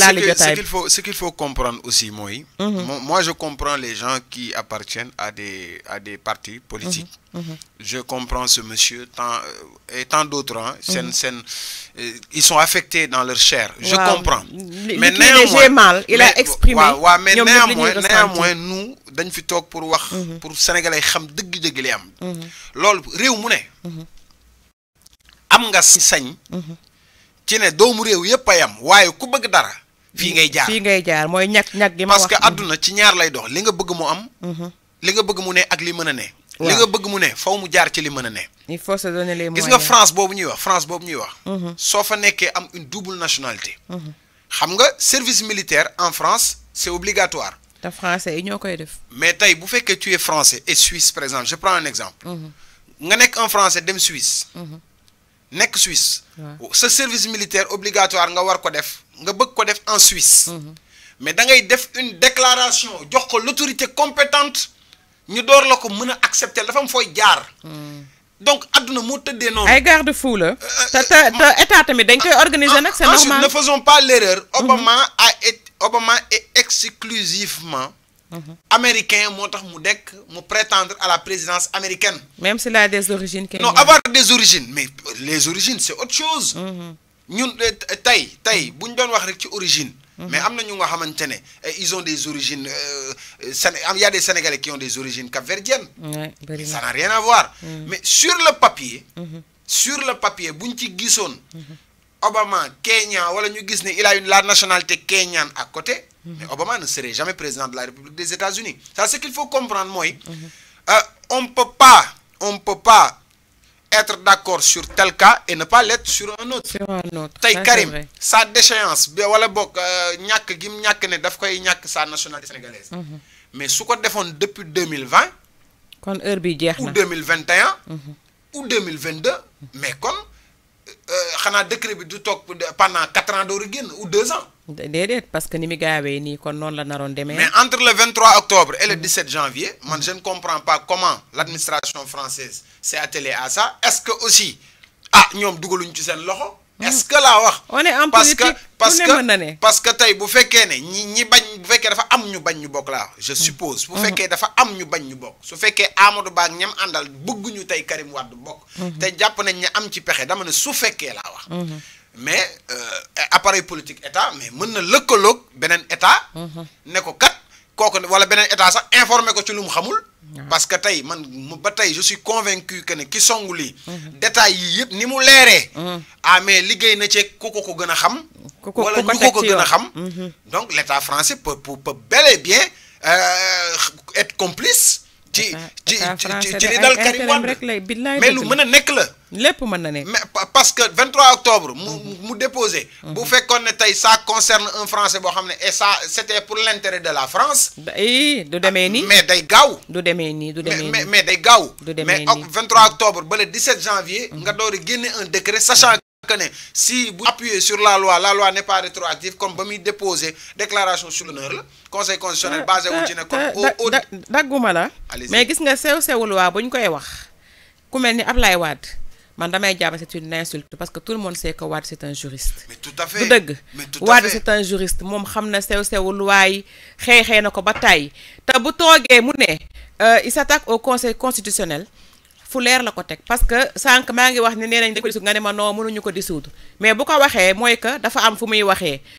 laali ce qu'il faut ce qu'il faut comprendre aussi mooy. Mhm. moi je comprends les gens qui appartiennent à des à des partis politiques. Mhm. Mhm. je comprends ce monsieur tant euh, et tant d'autres ah. seen seen ils sont affectés dans leur chair. je comprends mais néanmoins il a exprimé. waaw waaw mais néanmoins néanmoins nous dañ fi tok pour wax. pour sénégalais xam deug deug li am. loolu rew mu né am nga sañ. ci ne doomu rew yépp ay am waye ku bëgg dara fi ngay jaar fi ngay jaar mooy ñak ñak gi ma wax parce que aduna ci ñaar lay dox li nga bëgg mu am. Mhm. li nga bëgg mu ne ak li mën a ne. li nga bëgg mu ne faw mu jaar ci li mën a ne. il faut se donner les moyens gis nga France boobu ñuy wax France boobu ñuy wax. Mhm. soo fa nekkee am une double nationalité. Mhm. xam nga service militaire en France c'est obligatoire. te français yi ñoo koy def. mais tey bu fekkee tu es français et suisse par exemple je prends un exemple. nga nekk en français dem Suisse nek Suisse. ce service militaire obligatoire nga war ko def nga bëgg ko def en Suisse. Mhm. mais da ngay def une déclaration jox ko l'autorité compétente ñu door la ko mëna accepter dafa am foy jaar. Mhm. donc aduna mo teudé non ay garde fou la. Euh, te euh, te état tamit dañ koy organiser nak c'est normal ne faisons pas l'erreur. Mhm. Obama a été Obama est exclusivement américain moo mu prétendre à la présidence américaine. même s'il a des origines. non avoir des origines mais les origines c'est autre chose. Mhm. ñun Taï, euh, Taï, bu mhm. mais amna eh, ils ont des origines Il euh, euh, y a des sénégalais qui ont des origines capverdiennes. ça n'a rien à voir. Mhm. mais sur le papier. sur le papier bu Obama Kenya il a une la nationalité Kenyan à côté. Obama ne serait jamais président de la République des États-Unis ça ce qu'il faut comprendre Moi, mhm. euh, on peut pas on peut pas être d'accord sur tel cas et ne pas l'être sur un autre tey Karim sa déchéance Il wala bok, Nyak gi mu ne daf koy sa nationalité sénégalaise mhm. mais su ko défend depuis 2020 ou 2021 mhm. ou 2022 mais on euh, a décret bi du tok pendant 4 ans d'origine ou 2 ans déedéet parce que ni mi gaawee nii kon noonu la naroon demee. mais entre le 23 octobre et le 17 janvier. man je ne comprends pas comment l' administration française s' est attelée à ça est ce que aussi ah ñoom dugaluñ ci seen loxo. est ce que laa wax. on est en politique parce que parce que tey bu fekkee ne ñi ñi bañ bu fekkee dafa am ñu bañ ñu bokk laa je mm. suppose. bu mm-hmm. fekkee dafa am ñu bañ ñu bokk. su fekkee Amadou Ba ak ñam àndal bëgguñu tey Karim Wade bokk. Mm-hmm. te jàpp nañ ne am ci pexe dama ne su fekkee laa wax. Mm-hmm mais euh, appareil politique état mais mën na lëkkaloog benen état. Mhm. ne ko kat kooku wala benen état sax informé ko ci lu mu xamul. parce que tay man ba tay je suis convaincu que ne ki songu li mhm. détail yi yëpp ni mu leeree. Mhm. ah mais liguey na ci ku ko ko xam. ko wala ko ko gëna xam. donc l'État français peut peut bel et bien euh, être complice ci ci ci li dal Karim Wade mais lu mën a nekk la. lépp mën na nekk mais parce que 23 octobre. mu mhm. mu déposé. Mhm. bu fekkoon ne tey ça concerne un français boo xam ne et ça c'était pour l'intérêt de la France. Bah, eh, du demee nii mais day gaaw. du demee nii du demee nii mais day gaaw. du demee nii mais 23 octobre ba le 17 janvier. Mhm. nga door a génne un décret sachant si bu appuyez sur la loi la loi n'est pas rétroactive comme ba déposé, déposer déclaration sur l'honneur conseil constitutionnel basé au ci ne kon la mais gis nga sew sewu loi bu ñu koy wax ku mel Ablaye c'est une insulte parce que tout le monde sait que Wad c'est un juriste mais tout à fait du c'est un juriste Mom xamna sew sew loi yi nako xëy Ta bu toogee mu ne euh, il s'attaque au conseil constitutionnel fu leer la ko teg parce que sànq maa ngi wax ne nee nañ nga ne ma non mënuñu ko dissoudre mais bu ko waxee mooy que dafa am fu muy waxee